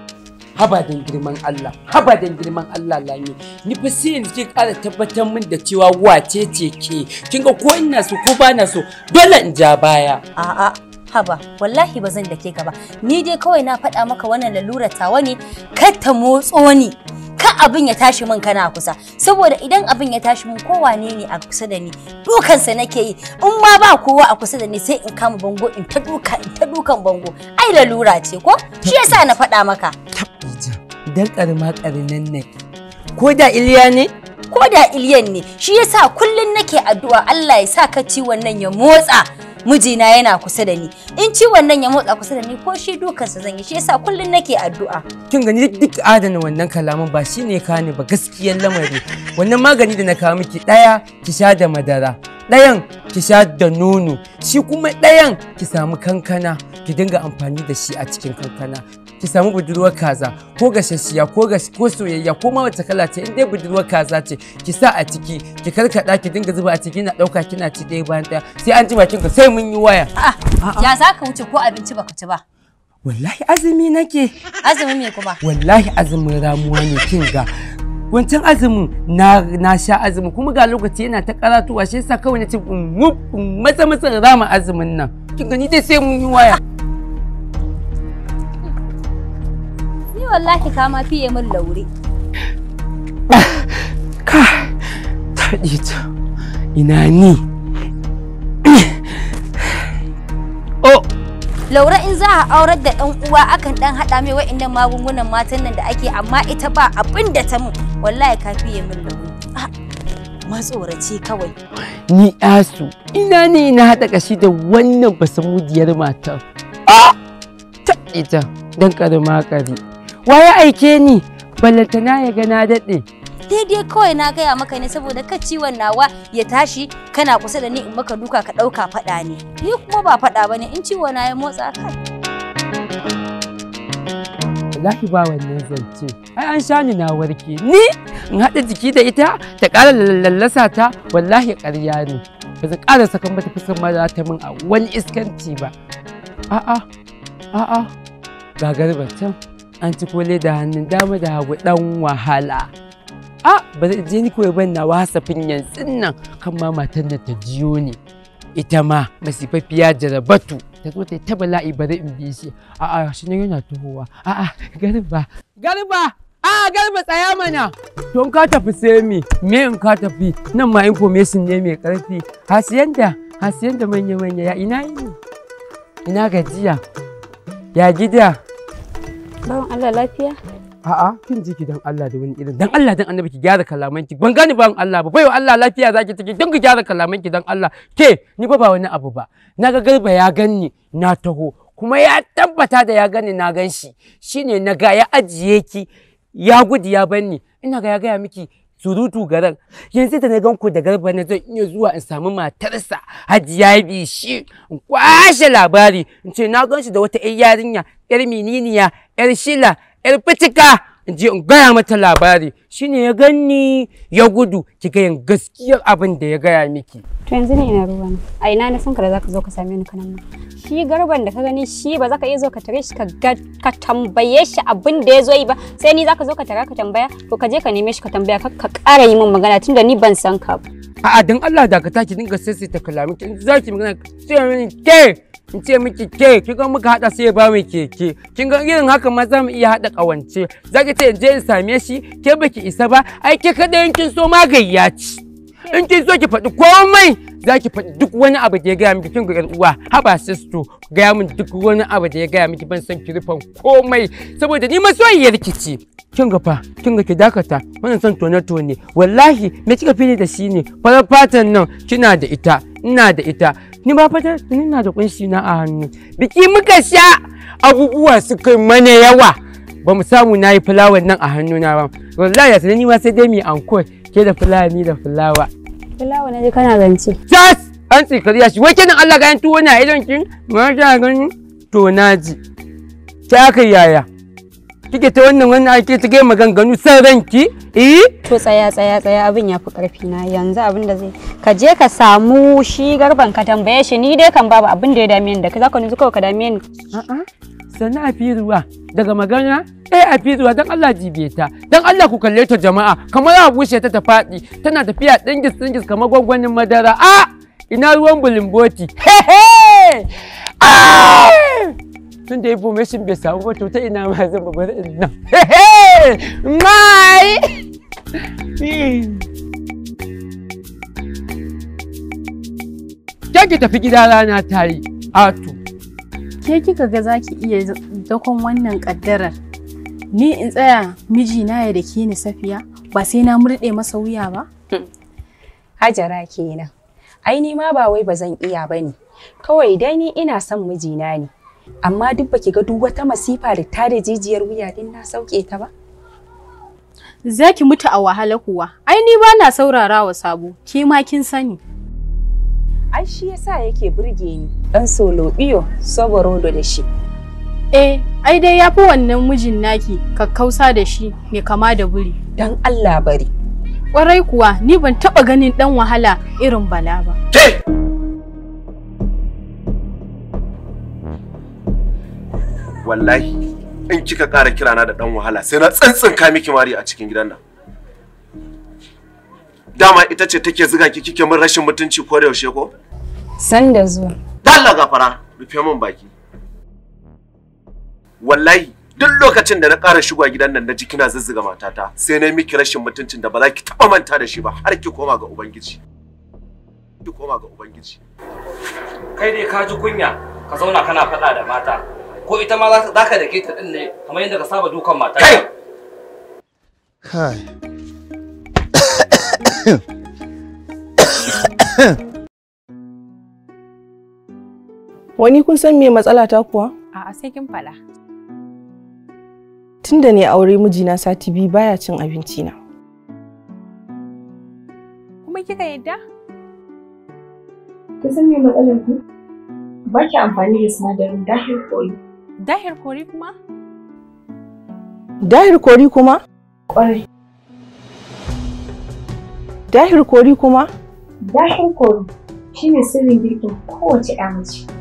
haba dan girman Allah haba dan girman Allah lani ni fa sai yanzu ƙara tabbatar min da cewa wace ce ke kinga ko ina so ko ba na so dole in ja baya a'a haba wallahi ba zan dake ka ba ni dai kawai na faɗa maka wannan lalura tawa ne kar ta motso ni ka abin ya tashi min kana kusa saboda idan abin ya tashi min kowane ne a kusa da ni dukansa nake yi in ma ba kowa a kusa da ni sai in kama bango in ta duka in ta dukan bango ai lalura ce ko shi yasa na faɗa maka dan karma karnan ne ko da iliya ne ko da iliyan ne shi yasa kullun nake addu'a Allah ya sa ka ciwon nan ya motsa mijina yana kusa da ni in ciwon nan ya motsa kusa da ni ko shi dukansa zan yi shi yasa kullun nake addu'a kin gani duk adana wannan kalaman ba shine ka ne ba gaskiyar lamari wannan magani da na kawo miki daya ki sha da madara ɗayan ki sha da nono shi kuma ɗayan ki samu kankana ki dinga amfani da shi a cikin kankana ki samu budurwar kaza ko gashashiya ko ko soyayya ko ma wata kala ce in dai budurwar kaza ce ki sa a ciki ki karkada ki dinga zuba a ciki na dauka kina ci dai bayan ɗaya sai an ji bakin ka sai mun yi waya ya za ka wuce ko abinci baka ci ba wallahi azumi nake Azumi me kuma wallahi azumin ramuwa ne kin ga wancan azumin na na sha azumin kuma ga lokaci yana ta karatuwa shi yasa kawai na ce umm, umm, matsa matsa rama azumin nan kin gani dai sai mun yi waya wallahi ka ma fiye min laure. Ka taɗe ta ina ni. Oh! Laura in za a aurar da ɗan uwa akan ɗan haɗa mai wa'innan magungunan matan nan da ake amma ita ba abin da ta mun wallahi ka fiye min laure. Ah, Matsorace kawai. Ni asu ina ne na haɗa ƙashi da wannan basamudiyar mata. Ah! Ta ita don ƙarama ƙari. ya aike ni ballantana ya ga na daɗe daidai kawai na gaya maka ne saboda ka ciwon nawa ya tashi kana kusa da ni in maka duka ka ɗauka faɗa ne ni kuma ba faɗa bane in ciwon na ya motsa kai ki ba wannan zance ai an sha na warke ni in haɗa jiki da ita ta ƙara lallasa ta wallahi ƙarya ne ba zan ƙara sakan mata fi ma za ta min a wani iskanci ba a'a a'a Garba can an ci kole da hannun dama da hagu dan wahala a ba zai je ni kawai ban na wasafin yanzu nan kan ma matan da ta jiyo ne ita ma masifafiya jarabatu ta zo ta yi taba ba zai in bi shi a a shi ne yana tohowa a a garba garba a garba tsaya mana to ka tafi sai mi, me in ka tafi nan ma information ne mai karfi hasiyan da manya manya ya ina ina gajiya ya gida Ban Allah lafiya? A'a, kin ji ki dan Allah da wani irin dan Allah dan Annabi ki gyara kalaman ki. Ban gane ban Allah ba. Baiwa Allah lafiya zaki take don ki gyara kalaman ki dan Allah. Ke ni ba ba wani abu ba. Na ga garba ya ganni na taho kuma ya tabbata da ya ganni na gan shi. Shine na ga ya ajiye ki ya gudu ya banni. Ina ga ya gaya miki surutu garar yanzu da na gan da garba na zan iya zuwa in samu matarsa hajiya shi in kwashe labari in ce na gan da wata 'yar yarinya 'yar mininiya 'yar shila 'yar fitika inji in gaya mata labari shine ya ganni ya gudu ki ga gaskiyar abin da ya gaya miki to yanzu ne ina ruwa a ina na san da zaka zo ka same ni kanan shi garban da ka gani shi ba zaka iya zo ka tare shi ka ka tambaye shi abin da ya zo yi ba sai ni zaka zo ka tara ka tambaya to ka je ka neme shi ka tambaya ka kara yi min magana tunda ni ban san ka ba a'a dan Allah da ka taki dinga ta kalamin ki zaki magana sai ke in ce miki ke kin ga muka hada sai ya ba mu keke kin ga irin haka ma za mu iya hada kawance za ki ce in je in same shi ke baki isa ba ai ke kada in kin so gayya ci in kin so ki faɗi komai za ki faɗi duk wani abu da ya gaya miki kin ga uwa haba sisto gaya min duk wani abu da ya gaya miki ban san ki rufan komai saboda ni masoyiyar ki ce kin ga fa kin ga ki dakata wannan san tone tone wallahi me kika fili da shi ne farar fatan nan kina da ita ina da ita ni ba fata ni na da kunshi na a hannu biki muka sha abubuwa kai mana yawa ba mu samu na yi fulawar nan a hannu na ba wallahi yasa ni ma sai dai mi anko ke da fulawa ni da fulawa fulawa na ji kana zance tas an tsikariya shi wai kenan Allah ga yan tuwo na idon kin ma ga gani to naji ta kai yaya kike ta wannan wannan ake ta gama maganganu san ranki eh to tsaya tsaya tsaya abin ya fi karfi na yanzu abin da zai ka je ka samu shi garban ka tambaye shi ni dai kan babu abin da ya dame ni da ka zaka nuzu kawai ka dame ni a'a sannan a firuwa daga magana eh a firuwa dan Allah jibe ta dan Allah ku kalle ta jama'a kamar a bushe ta ta fadi tana tafiya dingis dingis kamar gwangwanin madara a ah! ina ruwan bulimboti he he ah! tun da shi bai samu ba ta ina ma zan ba bari nan mai ke tafi gida rana ta yi ato ke kika ga za ki iya dakon wannan kaddarar ni in tsaya mijina ya da ke ni safiya ba sai na murɗe masa wuya ba hajara kenan ai ni ma ba wai ba zan iya ba ne kawai dai ni ina son mijina ne amma duk baki ga duk wata masifa da ta da jijiyar wuya din na sauke ta ba zaki mutu a wahala kuwa ai ni ba na saurara wa sabo ke ma kin sani ai shi yasa yake burge ni dan solo iyo saborodo da shi eh ai dai yafi wannan mijin naki kakkausa da shi mai kama da buri dan Allah bari kwarai kuwa ni ban taba ganin dan wahala irin bala ba hey! wallahi in kika ƙara kirana da dan wahala sai na ka miki mari a cikin gidan nan dama ita ce take zuga ki kike min rashin mutunci ko da yaushe ko san da zuwa dalla gafara rufe min baki wallahi duk lokacin da na kara shigo gidan nan na ji kina zuzzuga matata sai na miki rashin mutuncin da ba za ki taɓa manta da shi ba har ki koma ga ubangiji ki koma ga ubangiji kai dai ka ji kunya ka zauna kana faɗa da mata ko ita ma za ka dake ta ɗin ne kamar yadda ka saba dukan mata kai Wani kun san me matsala ta kuwa? a sai kin faɗa. Tunda ne aure mijina sati biyu baya cin abinci na. Kuma kika yadda? Ka san me matsalar ku? Ba ki amfani da sinadarin dahin koyi. Dahir kori kuma? Dahir kori kuma? Kwarai. Dahir kori kuma? Dahir kori shine sirrin girkin kowace 'ya mace.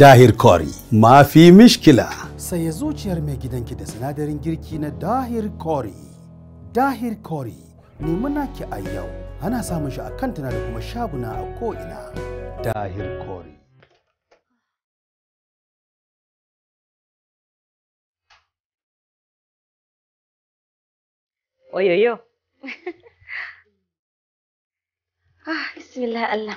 Dahir Kori. Mafi mishkila. Saye zuciyar mai gidanki da sinadarin girki na Dahir Kori. Dahir Kori muna ki a yau. Ana samun shi a kantana da kuma shaguna a ko'ina. Dahir Kori. Oyoyo. ah, bismillah Allah.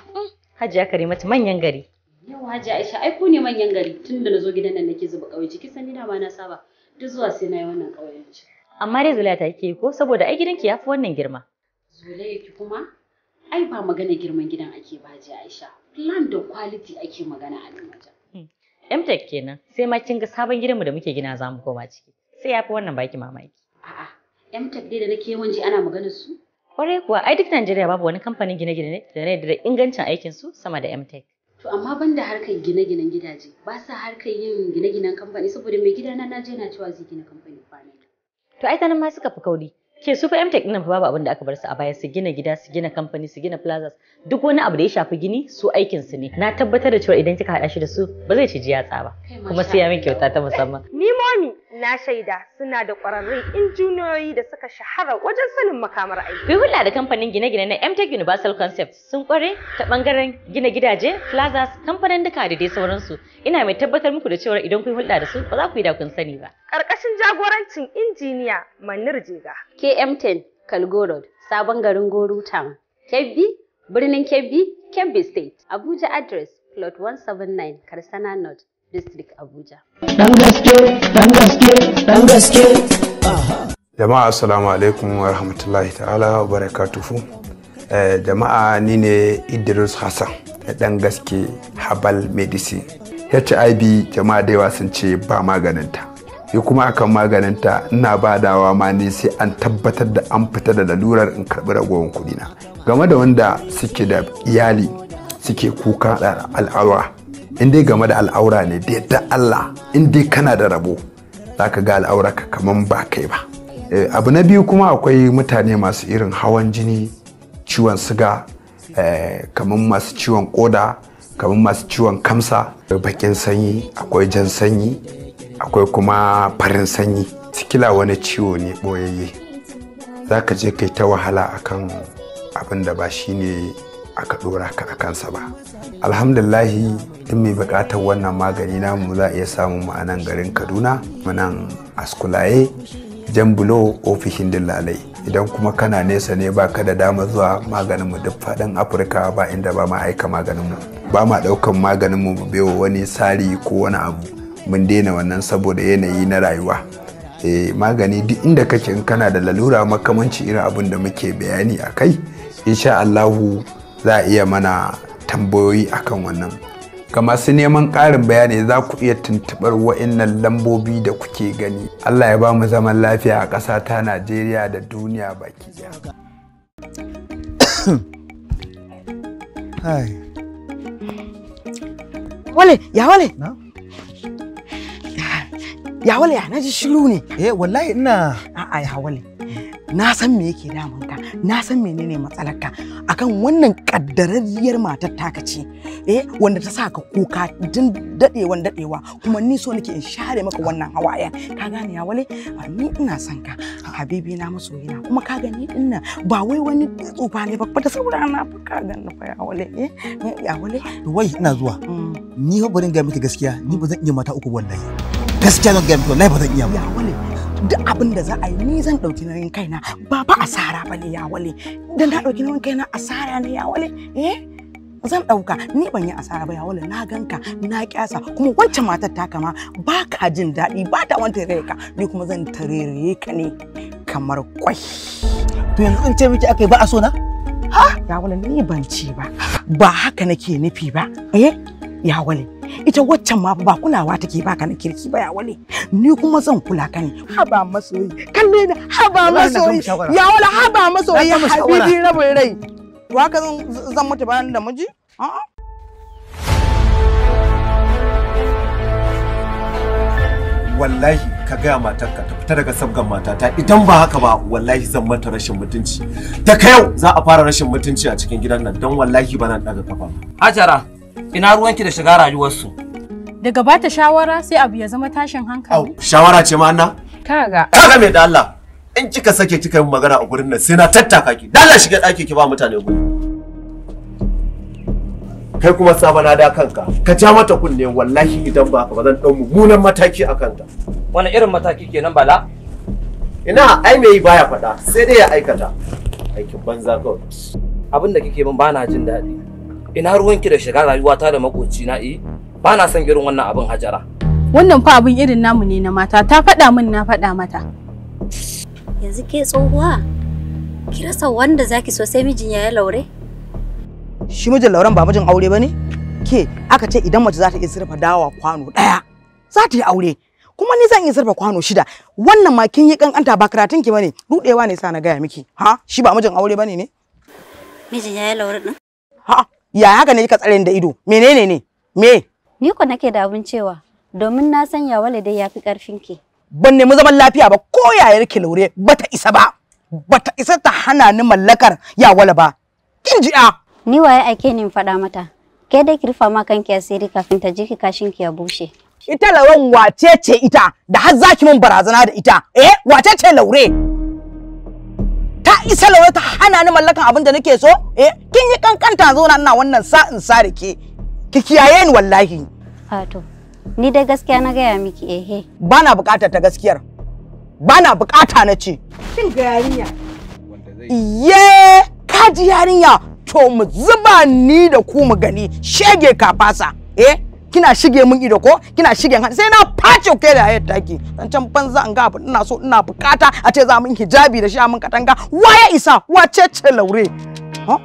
Hajiya Karimatu manyan gari. Yau Hajji Aisha ai ku ne manyan gari tun da nazo gidan nan nake zuba kauye ciki sani da ma na saba duk zuwa sai yi wannan kauyen Amma dai Zulaiya ta ke ko saboda ai gidanki fi wannan girma. Zulaiya ki kuma ai ba magana girman gidan ake ba Hajji Aisha plan da quality ake magana a nan wajen. Hmm. MTech kenan sai ma kin ga sabon gidanmu da muke gina zamu koma ciki sai fi wannan baki mamaki. A'a MTech dai da nake yawan ji ana maganar su. Kwarai kuwa ai duk Najeriya babu wani kamfanin gine-gine da na da ingancin aikin su sama da MTech. To amma banda harkar gine-ginen gidaje ba sa harkar yin gine-ginen kamfani saboda mai gidana na je na cewa zai gina kamfani kwana. To ai tanan ma suka fi kauri. Ke su fa MTech ɗin babu abin da aka bar su a baya su gina gida su gina kamfani su gina plazas duk wani abu da ya shafi gini su aikin su ne. Na tabbatar da cewa idan kika haɗa shi da su ba zai ci jiya yatsa ba kuma sai ya min kyauta ta musamman. Ni na shaida suna da ƙwararrun injiniyoyi da suka shahara wajen sanin makamar aiki. Kai hulɗa da kamfanin gine-gine na MTech Universal Concept sun ƙware ta ɓangaren gina gidaje, plazas, kamfanin duka da dai sauransu. Ina mai tabbatar muku da cewa idan kun hulɗa da su ba za ku yi da kun sani ba. Ƙarƙashin jagorancin injiniya Manir Jega. KM10 Kalgo Road, Sabon Garin Goru Town. Kebbi, Birnin Kebbi, Kebbi State. Abuja Address, Plot 179, Karsana North. district abuja jama'a assalamu alaikum wa rahmatullahi ta'ala wa barakatuhu eh, jama'a ni ne idris hassan dan gaske Habal medicine hiv jama'a da yawa sun ce ba maganinta shi kuma akan maganinta ina badawa ma ne sai an tabbatar da an fita da lalurar in karɓi ragowar kuɗi na game da wanda suke da iyali suke kuka da al'awa in dai game da al'aura ne da yadda Allah in dai kana da rabo za ka ga al'auraka kamar ba kai ba eh, abu na biyu kuma akwai mutane masu irin hawan jini ciwon siga eh, kamar masu ciwon koda kamar masu ciwon kamsa bakin sanyi akwai jan sanyi akwai kuma farin sanyi sikila wani ciwo ne boyayye za ka je kai ta wahala akan abin da ba shi ne. aka dora ka a kansa ba alhamdulahi in mai bukatar wannan magani namu za a iya samun ma'anan garin kaduna manan askulaye jan bulo ofishin dillalai idan kuma kana nesa ne ba ka da dama zuwa maganinmu duk faɗin afirka ba inda ba ma aika maganinmu ba ma ɗaukan maganinmu mu bewa wani sari ko wani abu mun daina wannan saboda yanayi na rayuwa e, magani duk inda kake in kana da lalura makamanci irin abin da muke bayani a kai insha allahu za a iya mana tambayoyi akan wannan ga masu neman ƙarin bayani za ku iya tuntuɓar wa'innan lambobi da kuke gani allah ya ba mu zaman lafiya a ƙasa ta najeriya da duniya baki wale ya wale ya wale ya shiru ne eh wallahi ina a'a ya wale na san me yake damunka na san menene matsalarka akan wannan kaddararriyar matar taka ce eh wanda ta sa ka kuka din wanda dadewa kuma ni so nake in share maka wannan hawaya ka gane ya wale ni ina san ka habibi na masoyina kuma ka gani dinna ba wai wani tsufa ne ba ta saura na fa ka gani fa ya wale eh, eh ya wale wai ina zuwa mm. ni ba ga miki gaskiya ni ba zan iya mata uku wallahi gaskiya zan gaya miki wallahi ba zan iya ba ya wale duk abin da za a yi ni zan dauki nauyin kaina ba ba asara bane ya wale dan na dauki nauyin kaina asara ne ya wale eh zan dauka ni ban yi asara ba ya wale na ganka na kyasa kuma wancan matar ta kama ba ka jin daɗi ba ta wanta rai ka ni kuma zan tarere ka ne kamar kwai to yanzu in ce miki akai ba a so na ha ya wale ni ban ci ba ba haka nake nufi ba eh ya wale ita waccan ma ba kulawa take baka na kirki ba ya wale ni kuma zan kula ka ne haba masoyi kalle ni haba masoyi ya wala haba masoyi habibi rabin rai wa ka zan mutu bayan da miji a'a wallahi ka gaya matarka ta fita daga sabgan matata idan ba haka ba wallahi zan mata rashin mutunci daga yau za a fara rashin mutunci a cikin gidan nan don wallahi ba nan daga kafa. ajara ina ruwanki da shiga rayuwarsu daga bata shawara sai abu ya zama tashin hankali shawara ce ma anna kaga kaga me da Allah in kika sake kika yi magana a gurin nan sai na tattaka ki "Dala shiga daki ki ba mutane guri kai kuma sabana da kanka ka ja mata kunne wallahi idan ba ka ba zan dau mummunan mataki a kanta wani irin mataki kenan bala ina ai me baya faɗa sai dai ya aikata aikin banza kawai abin da kike min bana jin daɗi ina ruwanki da shiga rayuwata da makocina eh ba na son irin wannan abin hajara wannan fa abin irin namu ne na mata ta faɗa min na faɗa mata yanzu ke tsohuwa ki rasa wanda zaki so sai mijin yayi laure shi mijin lauren ba mijin aure bane ke aka ce idan mace za ta iya surfa dawa kwano daya za ta yi aure kuma ni zan iya surfa kwano shida wannan ma kin yi kankanta ba karatun ki bane rudewa ne sa na gaya miki ha shi ba mijin aure bane ne mijin yayi laure din ha ya haka ne kika tsare da ido menene ne me ni ko nake da abin cewa domin na san ya wale dai yafi karfin ki ban nemi zaman lafiya ba ko yayar ki laure bata isa ba bata isa ta hana ni mallakar ya wale ba kin ji a ni waye ake nin faɗa mata ke dai ki rufa ma kanki asiri kafin ta ji ki kashin ki ya bushe ita lawan wace ce ita da har zaki min barazana da ita eh wace ce laure isa laura ta hana ni mallakan abin da nake so eh kin yi kankanta zo ina wannan sa'in in sa da ke ki kiyaye ni wallahi to ni da gaskiya na gaya miki ehe ba na bukatar ta gaskiyar ba na bukata na ce kin ga yarinya iye kaji yarinya to mu zuba ni da ku mu gani shege ka fasa eh kina shige mun ido ko kina shige hannu sai na face kai da hayar taki dan can banza an ga abu ina so ina bukata a ce za mun hijabi da shi a mun katanga waye isa wace ce laure ha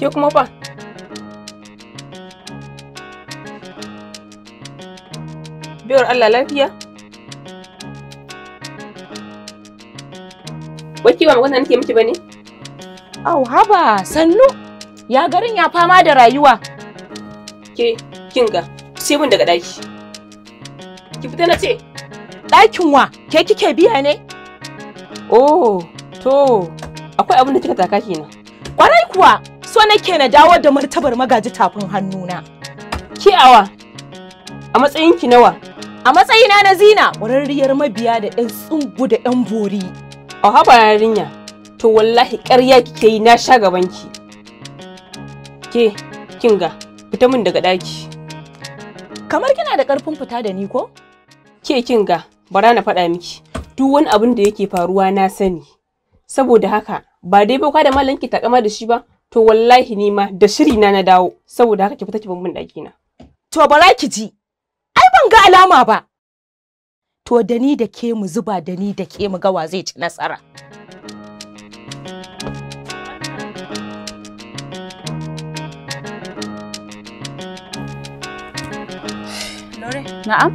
Ke kuma fa? Biyar Allah lafiya? Wai ba magana nake miki bane? Au haba sannu ya garin ya fama da rayuwa. Ke kinga sai mun daga daki. Ki fita na ce ɗakin wa ke kike biya ne? Oh to akwai abin da kika taka kina. Kwarai kuwa so nake na dawo da martabar magaji tafin hannuna ki awa a matsayin ki nawa a matsayina na zina ƙwararriyar mabiya da ɗan tsungu da ɗan bori a haba yarinya to wallahi ƙarya kike yi na sha gaban ki ke kinga fita min daga ɗaki kamar kina da ƙarfin fita da ni ko ke kinga bara na faɗa miki duk wani abin da yake faruwa na sani saboda haka ba dai ba kwa da ta takama da shi ba to wallahi ni ma da shiri na na dawo saboda haka ki fita ki min daki na to bara ki ji ai ban ga alama ba to da ni da ke mu zuba da ni da ke mu gawa zai ci nasara Lore. Na'am.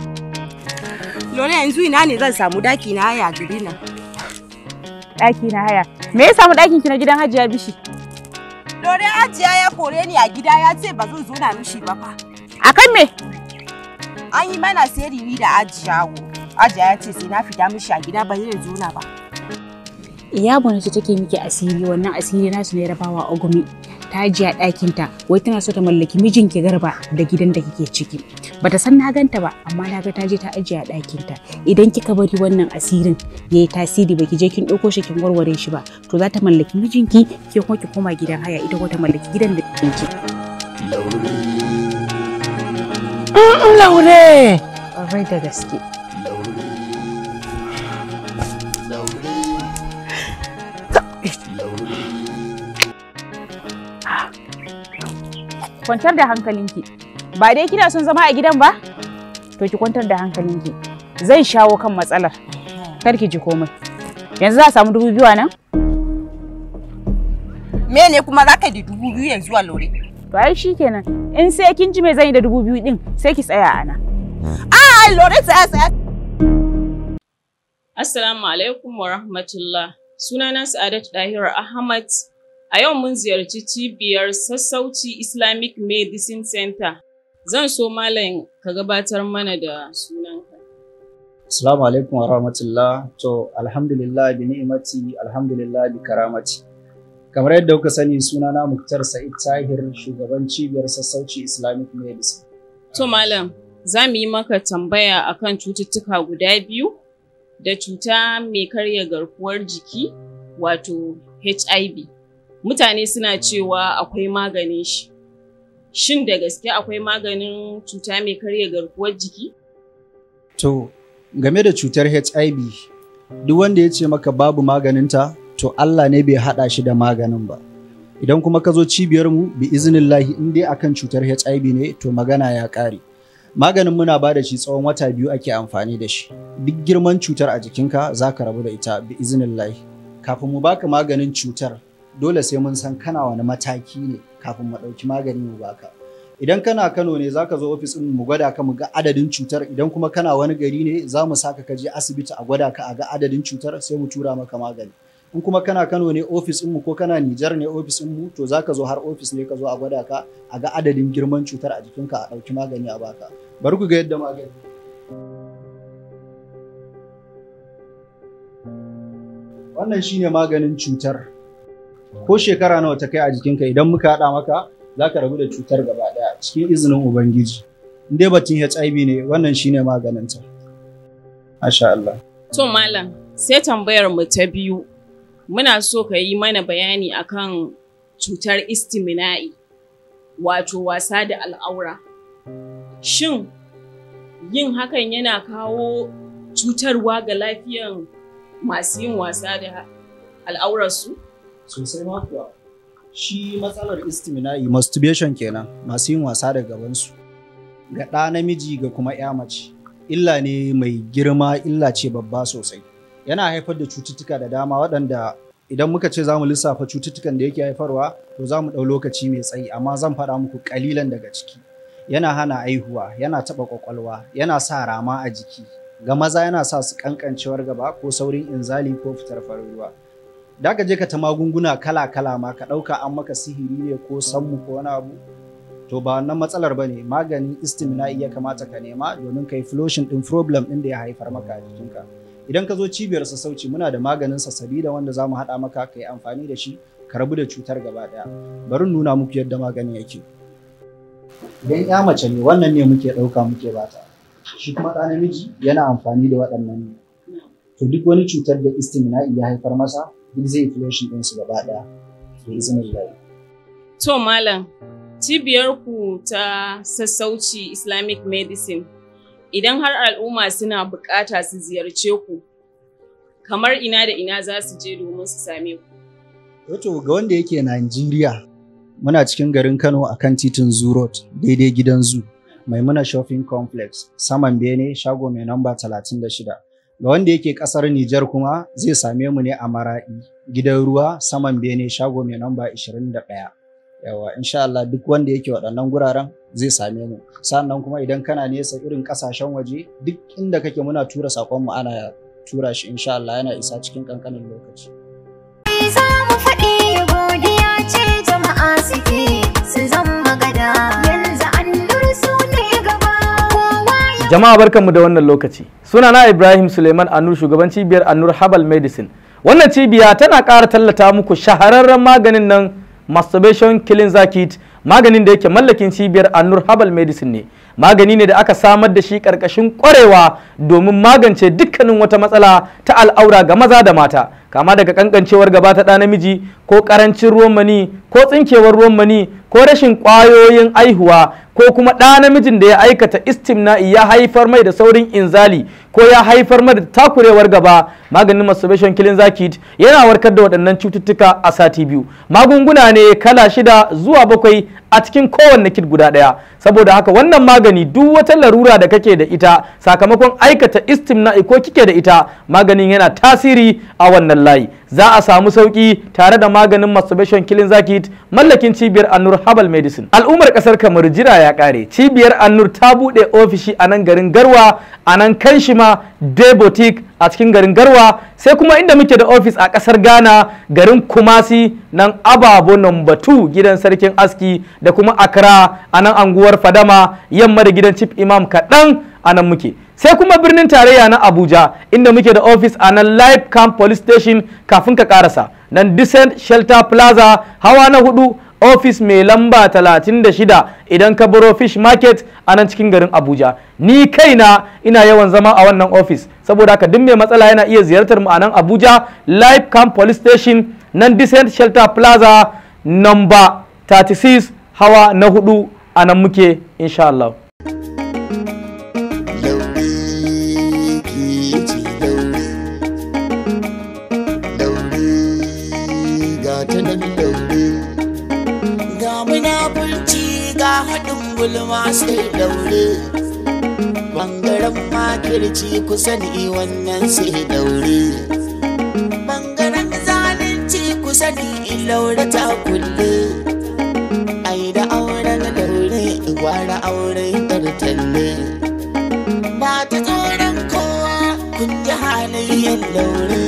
Lore yanzu ina ne zan samu daki na haya gidina Daki na haya. Me ya samu dakin ki na gidan Hajiya Bishi? Dore Ajiya ya kore ni a gida ya ce ba zan na mishi ba fa. A me? An yi mana sayari ni da Ajiya Ajiya ya ce sai na fita mishi a gida ba zai zona ba. iya ce take miki asiri wannan asiri nasu ne rabawa ogumi ta ji a ɗakin ta wai tana so ta mallaki mijin ki garba da gidan da kike ciki bata san na ganta ba amma na ga ta je ta ajiye a ɗakin ta idan kika bari wannan asirin yayi tasiri ba ki je kin ɗauko shi kin warware shi ba to za ta mallaki mijinki ki kuma ki koma gidan haya ita kuma ta mallaki gidan da kike ciki laure mm, da gaske kwantar da hankalinki ba dai kina son zama a gidan ba to ki kwantar da hankalinki Zan shawo kan matsalar kar ki ji komai yanzu za a samu dubu biyu nan me ne kuma za ka yi dubu biyu yanzu a lore to ai shikenan in sai kin ji me zan yi da dubu biyu din sai ki tsaya a nan a lore tsaya tsaya assalamu alaikum wa rahmatullah sunana sa'adatu dahira ahmad A yau mun ziyarci cibiyar Sassauci Islamic Medicine Center. Zan so Malam ka gabatar mana da sunanka. Assalamu alaikum wa rahmatullah. To, alhamdulillah bi ni'imati, alhamdulillah bi karamati. Kamar yadda kuka sani sunana Muktar Sa'id Tahir, shugaban cibiyar Sassauci Islamic Medicine. To, Malam, za mu yi maka tambaya akan cututtuka guda biyu da cuta mai karya garkuwar jiki, wato HIV. mutane suna cewa akwai maganin shi shin da gaske akwai maganin cuta mai karya garkuwar jiki to game da cutar hiv duk wanda ya ce maka babu maganinta to allah ne bai haɗa shi da maganin ba idan kuma ka zo cibiyarmu bi izinillahi in dai akan cutar hiv ne to magana ya ƙare maganin muna ba da shi tsawon wata biyu ake amfani da shi duk girman cutar a jikinka za ka rabu da ita bi lahi kafin mu baka maganin cutar dole sai mun san kana wani mataki ne kafin mu ɗauki magani mu baka idan kana kano ne za ka zo ofis mu gwada ka mu ga adadin cutar idan kuma kana wani gari ne za mu saka ka je asibiti a gwada ka a ga adadin cutar sai mu tura maka magani in kuma kana Kano ne ofis mu ko kana Nijar ne ofis mu to zaka zo har ofis ne ka zo a gwada ka a ga adadin girman cutar a jikinka a ɗauki magani a baka bari ku ga yadda magani wannan shine maganin cutar ko shekara nawa ta kai a jikinka idan muka haɗa maka za ka rabu da cutar gaba ɗaya cikin izinin ubangiji in dai batun hiv ne wannan shine maganinta masha Allah to malam sai tambayar mu ta biyu muna so ka yi mana bayani akan cutar istimina'i wato wasa da al'aura shin yin hakan yana kawo cutarwa ga lafiyan masu yin wasa da al'aurarsu? sosai ma kuwa shi matsalar istimina'i masturbation kenan masu yin wasa da gabansu ga ɗa namiji ga kuma ya mace illa ne mai girma illa ce babba sosai yana haifar da cututtuka da dama waɗanda idan muka ce za mu lissafa cututtukan da yake haifarwa to za mu ɗau lokaci mai tsayi amma zan faɗa muku ƙalilan daga ciki yana hana aihuwa yana taɓa ƙwaƙwalwa yana sa rama a jiki ga maza yana sa su ƙanƙancewar gaba ko saurin inzali ko fitar faruwa. ruwa da ka je ka ta magunguna kala-kala ma ka ɗauka an maka sihiri ne ko sanmu ko wani abu to ba wannan matsalar ba ne maganin istimna'i ya kamata ka nema domin ka yi ɗin problem din da ya haifar maka a jikinka idan ka zo cibiyar sassauci muna da maganin sassabi da wanda za mu haɗa maka ka yi amfani da shi ka rabu da cutar gaba ɗaya bari nuna muku yadda maganin yake idan ya mace ne wannan ne muke ɗauka muke bata shi kuma ɗa namiji yana amfani da waɗannan ne to duk wani cutar da istimna'i ya haifar masa duk zai flashin ɗinsu gaba ɗaya da izinin layi. To Malam, cibiyarku ta sassauci Islamic Medicine idan har al'umma suna bukata su ziyarce ku kamar ina da ina za su je domin su same ku. Wato eh ga wanda yake Najeriya muna cikin garin Kano a kan titin Zoo Road daidai gidan Zoo Maimuna Shopping Complex saman Bene shago mai namba 36. Ga wanda yake ƙasar Nijar kuma zai same mu ne a Maraɗi, gidan ruwa saman bene shago mai namba 21. Yawa, insha Allah duk wanda yake waɗannan guraren zai same mu. Sannan kuma idan kana nesa irin kasashen waje duk inda kake muna tura sakon mu ana tura shi insha Allah yana isa cikin ƙanƙanin lokaci. Za faɗi godiya ce jama'a suke su zama gada Jama'a barkanmu da wannan lokaci. Sunana Ibrahim Suleiman Anur shugaban cibiyar Anur habal Medicine. Wannan cibiya tana kara tallata muku shahararren maganin nan masturbation killing zakit maganin da yake mallakin cibiyar Anur habal Medicine ne. Magani ne da aka samar da shi ƙarƙashin ƙwarewa domin magance dukkanin wata matsala ta al'aura ga maza da mata. kama daga kankancewar gaba ta ɗa namiji ko ƙarancin ruwan mani ko tsinkewar ruwan mani ko rashin ƙwayoyin aihuwa ko kuma ɗa namijin da ya aikata istimna'i ya haifar mai da saurin inzali ko ya haifar mada takurewar gaba maganin masturbation killing zakit yana warkar da waɗannan cututtuka a sati biyu magunguna ne kala shida zuwa bakwai a cikin kowanne kit guda ɗaya saboda haka wannan magani duk wata larura da kake da ita sakamakon aikata na ko kike da ita maganin yana tasiri a wannan layi za a samu sauki tare da maganin masturbation killing zakit mallakin cibiyar annur herbal medicine al'ummar kasar kamar jira ya kare cibiyar annur ta buɗe ofishi a nan garin garwa a nan ma. kuma Day Boutique a cikin garin Garwa sai kuma inda muke da office a kasar Ghana garin Kumasi nan Ababo number 2 gidan sarkin aski da kuma Accra a nan anguwar Fadama yamma da gidan Chief Imam kaɗan a nan muke. sai kuma birnin tarayya na abuja inda muke da ofis a nan live camp police station kafin ka karasa nan descent shelter plaza hawa na hudu ofis mai lamba 36 idan ka baro fish market a nan cikin garin abuja ni kaina ina yawan zama a wannan ofis saboda haka duk mai matsala yana iya ziyartar mu a nan abuja live camp police station nan descent shelter plaza number 36 hawa na hudu a nan muke insha Allah. gulma sai daure bangaren makirci kusa ne wannan sai daure bangaren zalunci kusa ne laure ta kulle ai da auren daure gwara auren tartalle ba ta tsoron kowa kun ji halayen laure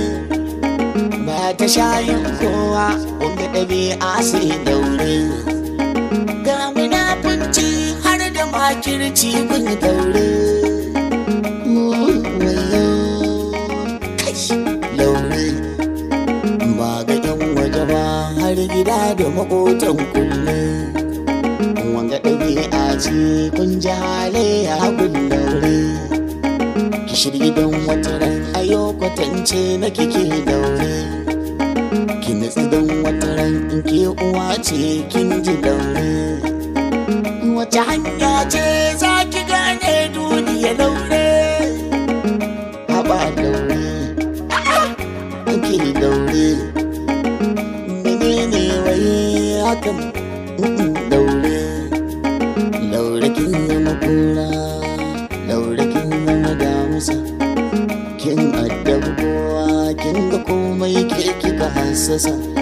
ba ta shayin kowa kun ga ɗabi'a sai daure ci kun daure mm, gida da makotan kulle wanga ɗabi'a ce kun ji halayya kun daure ki shirgi don wata ran ayo kwatance na kike daure ki natsi don wata ran in ke uwa ce kin ji daure wata hanya ce necessary.